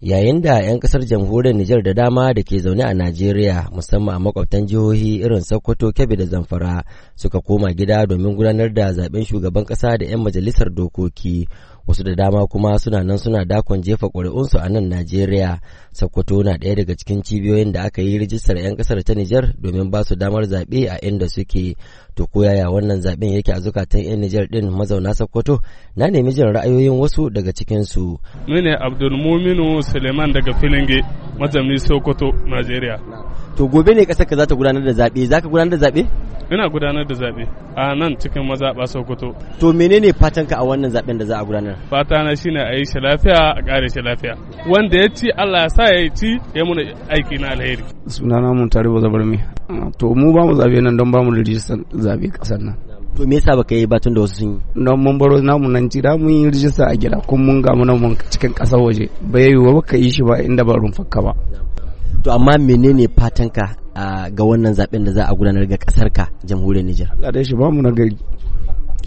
yayin da 'yan kasar jamhuriyar Nijar da dama da ke zaune a Najeriya musamman a makwabtan jihohi irin Sokoto, Kebbi da Zamfara suka koma gida domin gudanar da zaben shugaban kasa da 'yan majalisar dokoki wasu da dama kuma suna nan suna dakon jefa ƙuri'unsu a nan najeriya sokoto na ɗaya daga cikin cibiyoyin da aka yi rijistar 'yan ƙasar ta nijar domin ba su damar zaɓe a inda suke to ko yaya wannan zaɓen yake a zukatan 'yan nijar ɗin mazauna sokoto na nemi jin ra'ayoyin wasu daga cikinsu. ni ne abdulmuminu suleiman daga filinge Majami sokoto najeriya to gobe ne kasar ka za ta gudanar da zaɓe za ka gudanar da zaɓe ina gudanar da zaɓe a nan cikin mazaɓa sokoto to menene fatan ka a wannan zaɓen da za a gudanar fata na shine a yi shi lafiya a ƙare shi lafiya wanda ya ci allah ya sa ya ci ya muna aiki na alheri sunana mun tare ba zabar to mu ba mu zaɓe nan don ba mu da rijistar zaɓe ƙasar nan to me yasa baka yi ba tun da wasu sun yi na mun baro namu nan jira mun yi rijista a gida kun mun gamu nan mun cikin kasar waje yayi ba baka yi shi ba inda ba ka ba to amma menene fatanka ga wannan zaben da za a gudanar ga kasar ka jamhuriyar Nijar Allah da shi ba mu na gari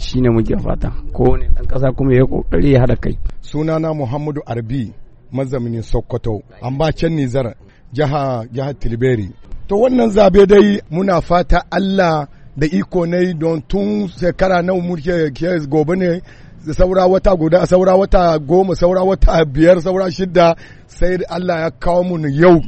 shine muke fata ko ne dan kasa kuma ya kokari ya hada kai sunana Muhammadu Arbi mazamin Sokoto an ba can Niger jaha jihar Tilberi to wannan zabe dai muna fata Allah da iko na don tun shekara na umurke ke gobe ne saura wata guda saura wata goma saura wata biyar saura shida sai Allah ya kawo mun yau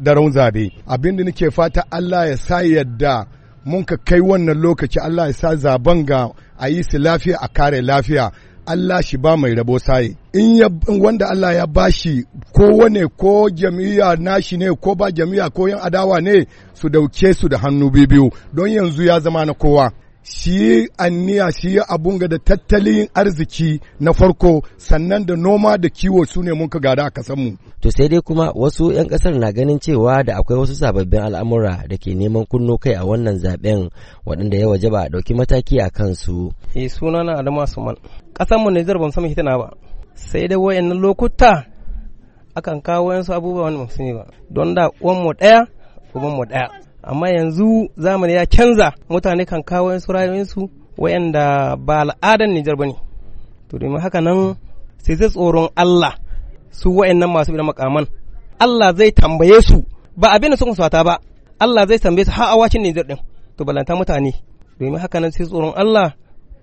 da ran zabe abin da nake fata Allah ya sa yadda mun ka kai wannan lokaci Allah ya sa zaben ga a yi su lafiya a kare lafiya Allah shi ba mai rabo saye in ya wanda Allah ya bashi ko wane ko jami'a nashi ne ko ba jami'a ko yan adawa ne su dauke su da hannu biyu don yanzu ya zama na kowa shi anniya shi abun ga da tattalin arziki na farko sannan da noma da kiwo su ne mun ka gada a kasanmu. To sai dai kuma wasu 'yan kasar na ganin cewa da akwai wasu sababbin al'amura da ke neman kunno kai a wannan zaben waɗanda ya waje ba mataki a kansu. Eh sunana Adamu suman ƙasar mu Nijar ba mu san hitina ba sai dai wayannan lokuta akan kawo wayansu abubuwa wanda ba ba don da uwan mu daya uban mu daya amma yanzu zamani ya canza mutane kan kawo wayansu rayuwarsu wayanda ba al'adar Nijar bane to domin haka nan sai sai tsoron Allah su wayannan masu bi makaman Allah zai tambaye su ba abin da suka sata ba Allah zai tambaye su har awacin Nijar din to balanta mutane domin haka nan sai tsoron Allah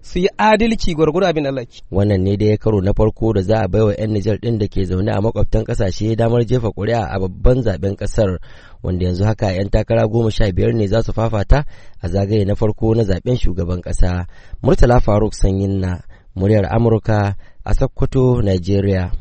su yi adalci gwargwaro abin Allah Wannan ne da karo na farko da za a bai wa 'yan Nijar ɗin da ke zaune a makwabtan ƙasashe damar jefa ƙuri'a a babban zaben ƙasar wanda yanzu haka 'yan takara goma sha biyar ne za su fafata a zagaye na farko na zaben shugaban ƙasa. Murtala Faruk Sanyin na muryar Amurka a Sokoto, Nigeria.